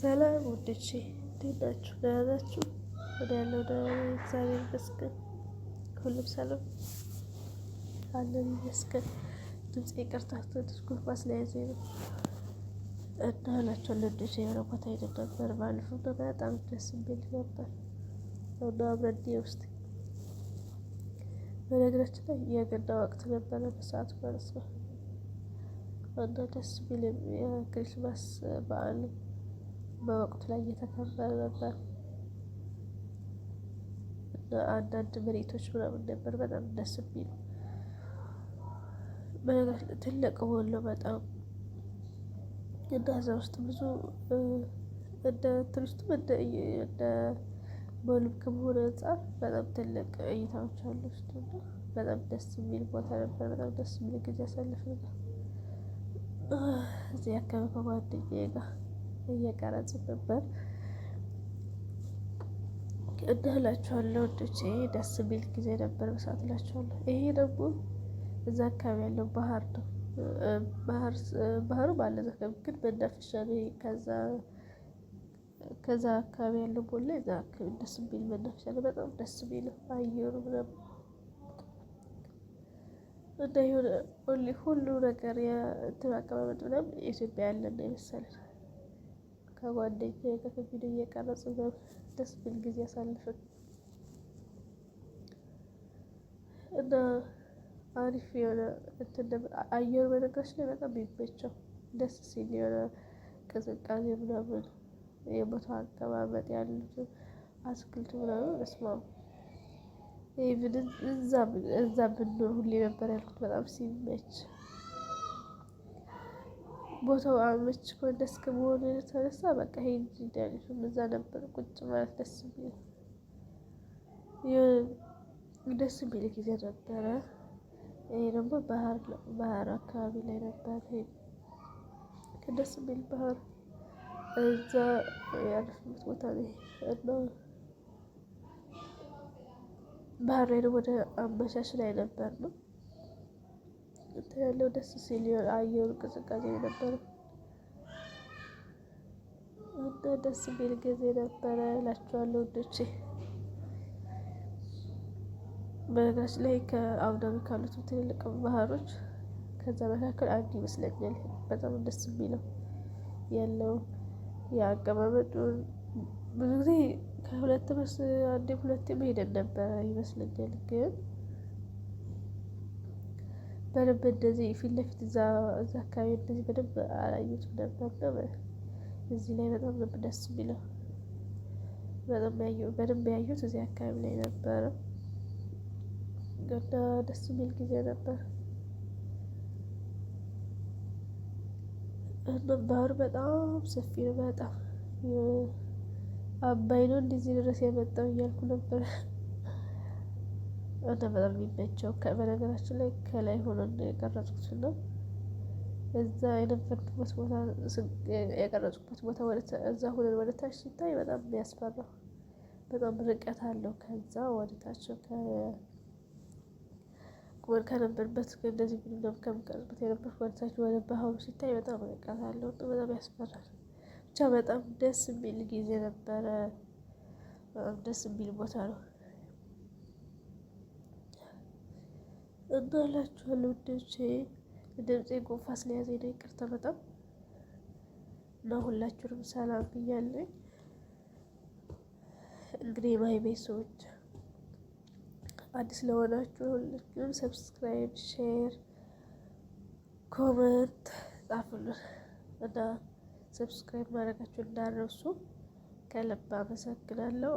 ሰላም ውድቼ እንዴት ናችሁ? ደህና ናችሁ? ወደ ያለው ደህና እግዚአብሔር ይመስገን። ሁሉም ሰላም አለን ይመስገን። ድምፅ ይቅርታ ትንሽ ማስለያዘ ነው እና ናቸውን ልጆች የሆነ ቦታ ሄደን ነበር ባለፈው እና በጣም ደስ የሚል ነበር እና አብረን ውስጥ በነገራችን ላይ የገና ወቅት ነበረ በሰዓቱ ማለት ነው እና ደስ የሚል የክሪስማስ በዓል ነው በወቅቱ ላይ እየተከበረ ነበር። አንዳንድ መሬቶች ምናምን ነበር። በጣም ደስ የሚል ትልቅ ወሎ በጣም እና እዛ ውስጥ ብዙ እንደ ቱሪስቱም እንደ ሞሉም ከመሆኑ አንጻር በጣም ትልቅ እይታዎች አሉ ውስጡ በጣም ደስ የሚል ቦታ ነበር። በጣም ደስ የሚል ጊዜ ያሳለፍ ነበር እዚህ አካባቢ ከጓደኛዬ ጋር እየቀረጽን ነበር። እና እላችኋለሁ ይሄ ደስ የሚል ጊዜ ነበር። በሰዓት እላችኋለሁ። ይሄ ደግሞ እዛ አካባቢ ያለው ባህር ነው። ባህሩ ማለት ነው፣ ግን መናፈሻ ነው። ከዛ አካባቢ ያለው ቦላ እዛ አካባቢ ደስ የሚል መናፈሻ ነው። በጣም ደስ የሚል አየሩ ምናምን ሁሉ ነገር የትን አቀማመጥ ምናምን ኢትዮጵያ ያለ ነው የመሰለን ከጓደኛዬ ጋር ቪዲዮ እየቀረጽን ደስ ብል ጊዜ አሳልፈን እና አሪፍ የሆነ አየር በነገራችን ላይ በጣም የሚመቸው ደስ ሲል የሆነ ቅዝቃዜ ምናምን የቦታው አቀማመጥ ያሉት አትክልቱ ምናምን በስማ ይህ እዛ ብንኖር ሁሌ ነበር ያልኩት በጣም ሲመች ቦታው አመች ኮ ደስ ከመሆኑ የተነሳ በቃ ሄጅ ዳልሽ እዛ ነበር ቁጭ ማለት ደስ የሚል ደስ የሚል ጊዜ ነበረ። ይሄ ደግሞ ባህር ባህር አካባቢ ላይ ነበር። ከደስ የሚል ባህር እዛ ያለፍበት ቦታ ላይ እና ባህር ላይ ወደ አመሻሽ ላይ ነበር ነው እንትን ያለው ደስ ሲል አየሩ ቅዝቃዜ ነበር እና ደስ ቢል ጊዜ ነበረ እላችኋለሁ ውዶቼ። በነገራችን ላይ ከአቡዳቢ ካሉት ትልልቅ ባህሮች ከዛ መካከል አንዱ ይመስለኛል። በጣም ደስ የሚለው ያለው የአቀማመጡን ብዙ ጊዜ ከሁለት መስ አንዴም ሁለቴ መሄደን ነበረ ይመስለኛል ግን በደንብ እንደዚህ ፊት ለፊት እዛ አካባቢ እንደዚህ በደንብ አላየሁትም ነበር። እዚህ ላይ በጣም ነው ደስ የሚለው። በደንብ ያየሁት እዚህ አካባቢ ላይ ነበረ እና ደስ የሚል ጊዜ ነበር። ባህሩ በጣም ሰፊ ነው። በጣም አባይ ነው እንደዚህ ድረስ የመጣው እያልኩ ነበር። እና በጣም የሚመቸው በነገራችን ላይ ከላይ ሆኖ የቀረጽኩት ነው። እዛ የነበርኩበት ቦታ የቀረጽኩበት ቦታ እዛ ሁነን ወደ ታች ሲታይ በጣም የሚያስፈራ በጣም ርቀት አለው። ከዛ ወደ ታች ቁመን ከነበርበት እንደዚህ ምንም ከምቀርበት የነበርኩ ወደ ታች ወደ ባህሩ ሲታይ በጣም ርቀት አለው። በጣም ያስፈራል። ብቻ በጣም ደስ የሚል ጊዜ ነበረ። በጣም ደስ የሚል ቦታ ነው። እና እላችኋለሁ ውዶቼ ድምፄ ጉንፋ ስለያዘኝ ነው፣ ይቅርታ በጣም እና ሁላችሁንም ሰላም ብያለኝ። እንግዲህ የማይሜ ሰዎች አዲስ ለሆናችሁ ሁላችሁም ሰብስክራይብ፣ ሼር፣ ኮመንት ጻፉልን እና ሰብስክራይብ ማድረጋችሁ እንዳረሱ ከልብ አመሰግናለሁ።